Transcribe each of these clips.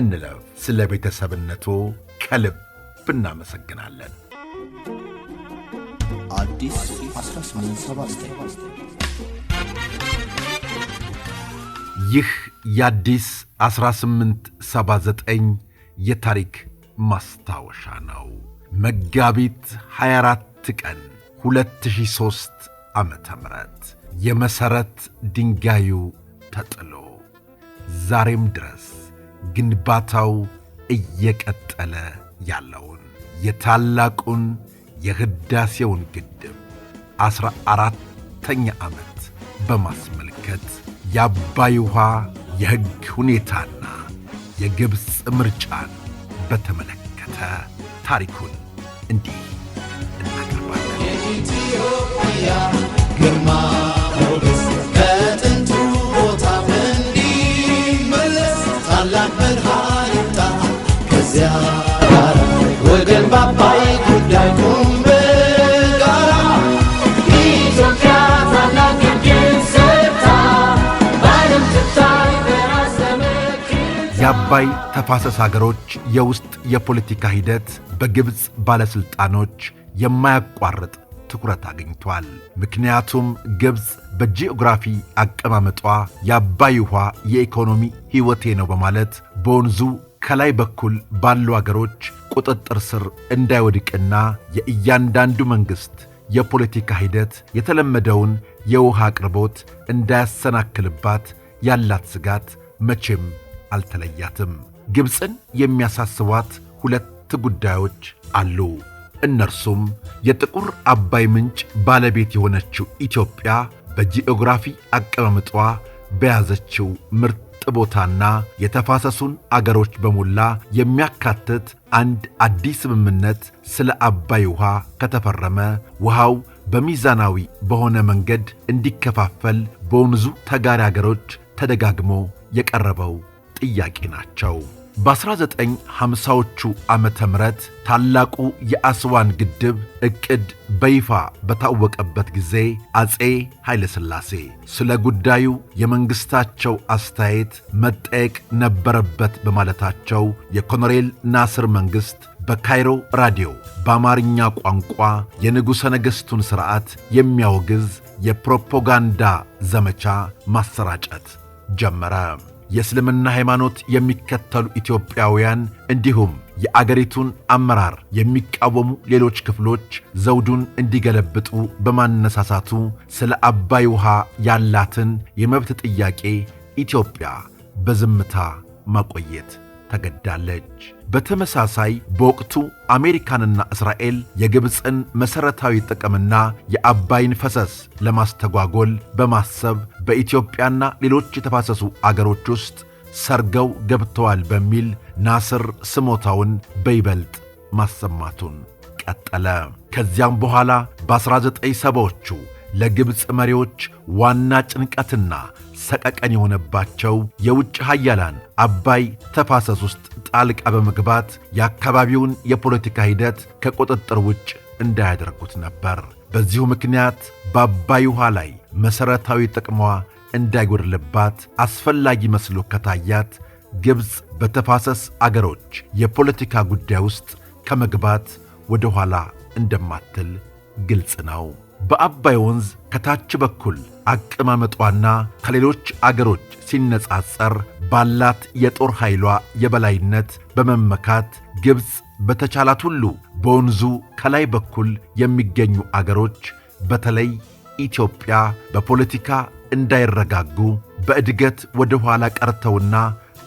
እንለፍ። ስለ ቤተሰብነቱ ከልብ እናመሰግናለን። ይህ የአዲስ 1879 የታሪክ ማስታወሻ ነው። መጋቢት 24 ቀን 2003 ዓ ም የመሠረት ድንጋዩ ተጥሎ ዛሬም ድረስ ግንባታው እየቀጠለ ያለውን የታላቁን የህዳሴውን ግድብ ዐሥራ አራተኛ ዓመት በማስመልከት የአባይ ውኃ የሕግ ሁኔታና የግብፅ ምርጫን በተመለከተ ታሪኩን እንዲህ የአባይ ተፋሰስ አገሮች የውስጥ የፖለቲካ ሂደት በግብፅ ባለሥልጣኖች የማያቋርጥ ትኩረት አግኝቷል። ምክንያቱም ግብፅ በጂኦግራፊ አቀማመጧ የአባይ ውኃ የኢኮኖሚ ሕይወቴ ነው በማለት በወንዙ ከላይ በኩል ባሉ አገሮች ቁጥጥር ስር እንዳይወድቅና የእያንዳንዱ መንግሥት የፖለቲካ ሂደት የተለመደውን የውሃ አቅርቦት እንዳያሰናክልባት ያላት ስጋት መቼም አልተለያትም። ግብፅን የሚያሳስቧት ሁለት ጉዳዮች አሉ። እነርሱም የጥቁር አባይ ምንጭ ባለቤት የሆነችው ኢትዮጵያ በጂኦግራፊ አቀማመጧ በያዘችው ምርጥ ቦታና የተፋሰሱን አገሮች በሞላ የሚያካትት አንድ አዲስ ስምምነት ስለ አባይ ውሃ ከተፈረመ ውሃው በሚዛናዊ በሆነ መንገድ እንዲከፋፈል በወንዙ ተጋሪ አገሮች ተደጋግሞ የቀረበው ጥያቄ ናቸው። በ1950ዎቹ ዓመተ ምህረት ታላቁ የአስዋን ግድብ ዕቅድ በይፋ በታወቀበት ጊዜ አጼ ኃይለሥላሴ ስለ ጉዳዩ የመንግሥታቸው አስተያየት መጠየቅ ነበረበት በማለታቸው የኮሎኔል ናስር መንግሥት በካይሮ ራዲዮ በአማርኛ ቋንቋ የንጉሠ ነገሥቱን ሥርዓት የሚያወግዝ የፕሮፓጋንዳ ዘመቻ ማሰራጨት ጀመረ። የእስልምና ሃይማኖት የሚከተሉ ኢትዮጵያውያን እንዲሁም የአገሪቱን አመራር የሚቃወሙ ሌሎች ክፍሎች ዘውዱን እንዲገለብጡ በማነሳሳቱ ስለ አባይ ውሃ ያላትን የመብት ጥያቄ ኢትዮጵያ በዝምታ ማቆየት ተገዳለች። በተመሳሳይ በወቅቱ አሜሪካንና እስራኤል የግብፅን መሠረታዊ ጥቅምና የአባይን ፈሰስ ለማስተጓጎል በማሰብ በኢትዮጵያና ሌሎች የተፋሰሱ አገሮች ውስጥ ሰርገው ገብተዋል በሚል ናስር ስሞታውን በይበልጥ ማሰማቱን ቀጠለ። ከዚያም በኋላ በ1970ዎቹ ለግብፅ መሪዎች ዋና ጭንቀትና ሰቀቀን የሆነባቸው የውጭ ሀያላን አባይ ተፋሰስ ውስጥ ጣልቃ በመግባት የአካባቢውን የፖለቲካ ሂደት ከቁጥጥር ውጭ እንዳያደርጉት ነበር። በዚሁ ምክንያት በአባይ ውኃ ላይ መሠረታዊ ጥቅሟ እንዳይጎድልባት አስፈላጊ መስሎ ከታያት ግብፅ በተፋሰስ አገሮች የፖለቲካ ጉዳይ ውስጥ ከመግባት ወደ ኋላ እንደማትል ግልጽ ነው። በአባይ ወንዝ ከታች በኩል አቀማመጧና ከሌሎች አገሮች ሲነጻጸር ባላት የጦር ኃይሏ የበላይነት በመመካት ግብፅ በተቻላት ሁሉ በወንዙ ከላይ በኩል የሚገኙ አገሮች በተለይ ኢትዮጵያ በፖለቲካ እንዳይረጋጉ በእድገት ወደ ኋላ ቀርተውና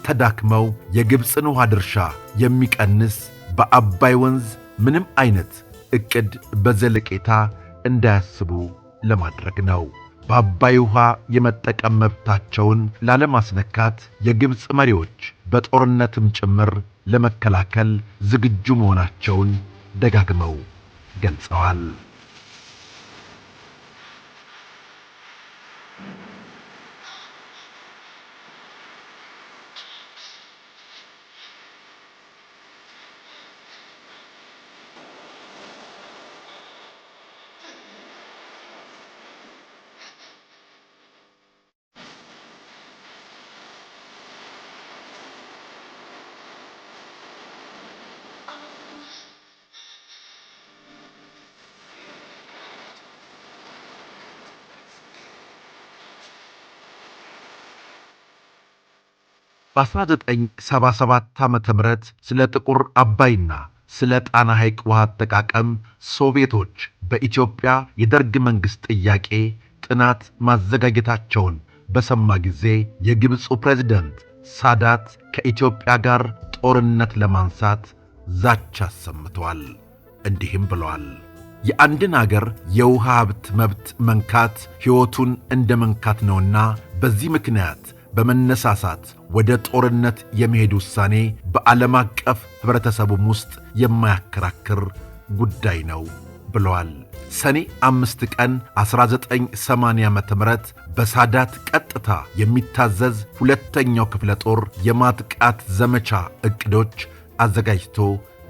ተዳክመው የግብፅን ውሃ ድርሻ የሚቀንስ በአባይ ወንዝ ምንም አይነት ዕቅድ በዘለቄታ እንዳያስቡ ለማድረግ ነው። በአባይ ውኃ የመጠቀም መብታቸውን ላለማስነካት የግብፅ መሪዎች በጦርነትም ጭምር ለመከላከል ዝግጁ መሆናቸውን ደጋግመው ገልጸዋል። በ1977 ዓ ም ስለ ጥቁር አባይና ስለ ጣና ሐይቅ ውሃ አጠቃቀም ሶቪየቶች በኢትዮጵያ የደርግ መንግሥት ጥያቄ ጥናት ማዘጋጀታቸውን በሰማ ጊዜ የግብፁ ፕሬዝደንት ሳዳት ከኢትዮጵያ ጋር ጦርነት ለማንሳት ዛቻ አሰምተዋል። እንዲህም ብለዋል። የአንድን አገር የውሃ ሀብት መብት መንካት ሕይወቱን እንደ መንካት ነውና በዚህ ምክንያት በመነሳሳት ወደ ጦርነት የመሄድ ውሳኔ በዓለም አቀፍ ኅብረተሰቡም ውስጥ የማያከራክር ጉዳይ ነው ብለዋል። ሰኔ አምስት ቀን 1980 ዓ ም በሳዳት ቀጥታ የሚታዘዝ ሁለተኛው ክፍለ ጦር የማጥቃት ዘመቻ ዕቅዶች አዘጋጅቶ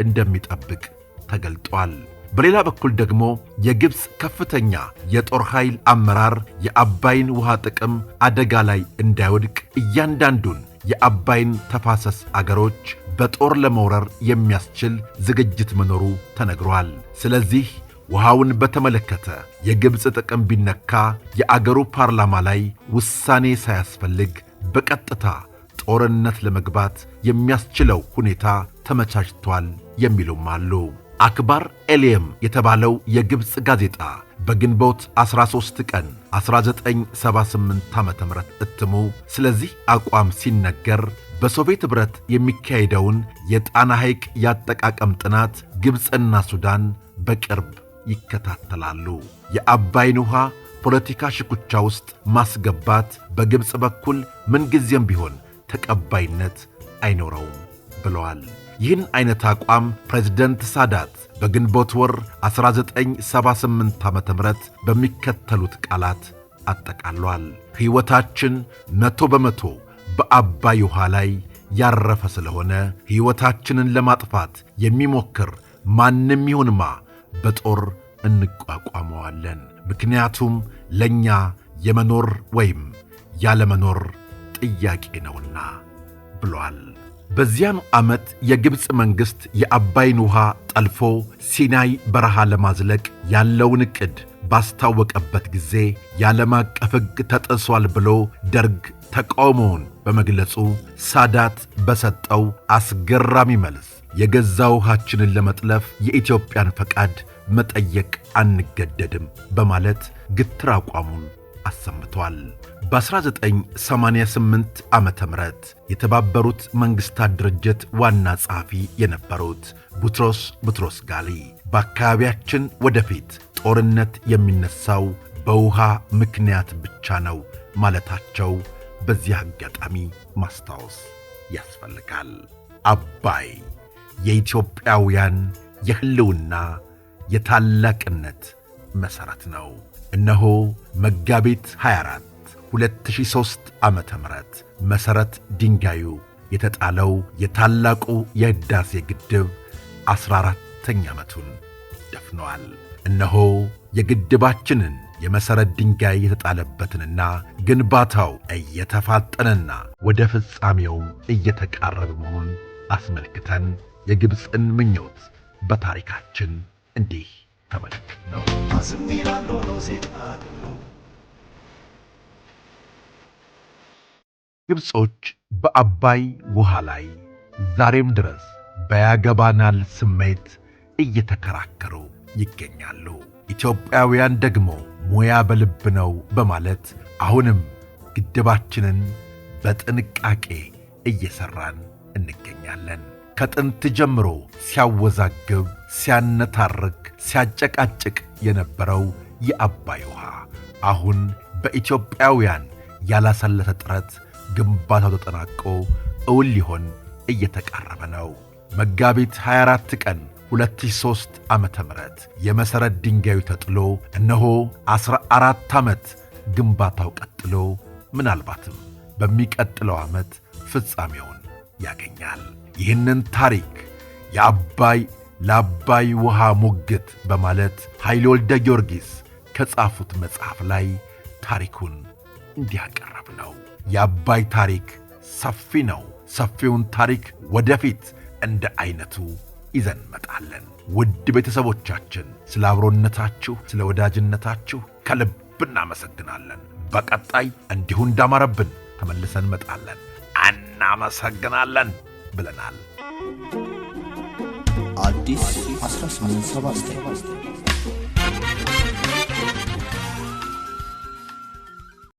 እንደሚጠብቅ ተገልጧል። በሌላ በኩል ደግሞ የግብፅ ከፍተኛ የጦር ኃይል አመራር የአባይን ውሃ ጥቅም አደጋ ላይ እንዳይወድቅ እያንዳንዱን የአባይን ተፋሰስ አገሮች በጦር ለመውረር የሚያስችል ዝግጅት መኖሩ ተነግሯል። ስለዚህ ውሃውን በተመለከተ የግብፅ ጥቅም ቢነካ የአገሩ ፓርላማ ላይ ውሳኔ ሳያስፈልግ በቀጥታ ጦርነት ለመግባት የሚያስችለው ሁኔታ ተመቻችቷል የሚሉም አሉ። አክባር ኤልየም የተባለው የግብፅ ጋዜጣ በግንቦት 13 ቀን 1978 ዓ ም እትሙ ስለዚህ አቋም ሲነገር በሶቪየት ኅብረት የሚካሄደውን የጣና ሐይቅ የአጠቃቀም ጥናት ግብፅና ሱዳን በቅርብ ይከታተላሉ። የአባይን ውሃ ፖለቲካ ሽኩቻ ውስጥ ማስገባት በግብፅ በኩል ምንጊዜም ቢሆን ተቀባይነት አይኖረውም ብለዋል። ይህን አይነት አቋም ፕሬዝደንት ሳዳት በግንቦት ወር 1978 ዓ ም በሚከተሉት ቃላት አጠቃሏል። ሕይወታችን መቶ በመቶ በአባይ ውኃ ላይ ያረፈ ስለሆነ ሕይወታችንን ለማጥፋት የሚሞክር ማንም ይሁንማ በጦር እንቋቋመዋለን። ምክንያቱም ለእኛ የመኖር ወይም ያለመኖር ጥያቄ ነውና ብሏል። በዚያም ዓመት የግብፅ መንግሥት የአባይን ውሃ ጠልፎ ሲናይ በረሃ ለማዝለቅ ያለውን ዕቅድ ባስታወቀበት ጊዜ የዓለም አቀፍ ሕግ ተጥሷል ብሎ ደርግ ተቃውሞውን በመግለጹ ሳዳት በሰጠው አስገራሚ መልስ የገዛ ውሃችንን ለመጥለፍ የኢትዮጵያን ፈቃድ መጠየቅ አንገደድም በማለት ግትር አቋሙን አሰምቷል። በ1988 ዓ ም የተባበሩት መንግሥታት ድርጅት ዋና ጸሐፊ የነበሩት ቡትሮስ ቡትሮስ ጋሊ በአካባቢያችን ወደፊት ጦርነት የሚነሳው በውሃ ምክንያት ብቻ ነው ማለታቸው በዚህ አጋጣሚ ማስታወስ ያስፈልጋል። አባይ የኢትዮጵያውያን የሕልውና የታላቅነት መሠረት ነው። እነሆ መጋቢት 24 2003 ዓ ም መሠረት ድንጋዩ የተጣለው የታላቁ የሕዳሴ ግድብ 14ተኛ ዓመቱን ደፍኗል። እነሆ የግድባችንን የመሠረት ድንጋይ የተጣለበትንና ግንባታው እየተፋጠነና ወደ ፍጻሜው እየተቃረበ መሆን አስመልክተን የግብፅን ምኞት በታሪካችን እንዲህ ተመልክት ነው። ግብጾች በአባይ ውሃ ላይ ዛሬም ድረስ በያገባናል ስሜት እየተከራከሩ ይገኛሉ። ኢትዮጵያውያን ደግሞ ሙያ በልብ ነው በማለት አሁንም ግድባችንን በጥንቃቄ እየሰራን እንገኛለን። ከጥንት ጀምሮ ሲያወዛግብ፣ ሲያነታርክ፣ ሲያጨቃጭቅ የነበረው የአባይ ውሃ አሁን በኢትዮጵያውያን ያላሰለተ ጥረት ግንባታው ተጠናቆ እውን ሊሆን እየተቃረበ ነው። መጋቢት 24 ቀን 2003 ዓ ም የመሠረት ድንጋዩ ተጥሎ እነሆ 14 ዓመት ግንባታው ቀጥሎ ምናልባትም በሚቀጥለው ዓመት ፍጻሜውን ያገኛል። ይህንን ታሪክ የአባይ ለአባይ ውሃ ሙግት በማለት ኃይሌ ወልደ ጊዮርጊስ ከጻፉት መጽሐፍ ላይ ታሪኩን እንዲያቀረብ ነው። የአባይ ታሪክ ሰፊ ነው። ሰፊውን ታሪክ ወደፊት እንደ አይነቱ ይዘን መጣለን። ውድ ቤተሰቦቻችን ስለ አብሮነታችሁ፣ ስለ ወዳጅነታችሁ ከልብ እናመሰግናለን። በቀጣይ እንዲሁ እንዳማረብን ተመልሰን መጣለን። እናመሰግናለን ብለናል። አዲስ 1879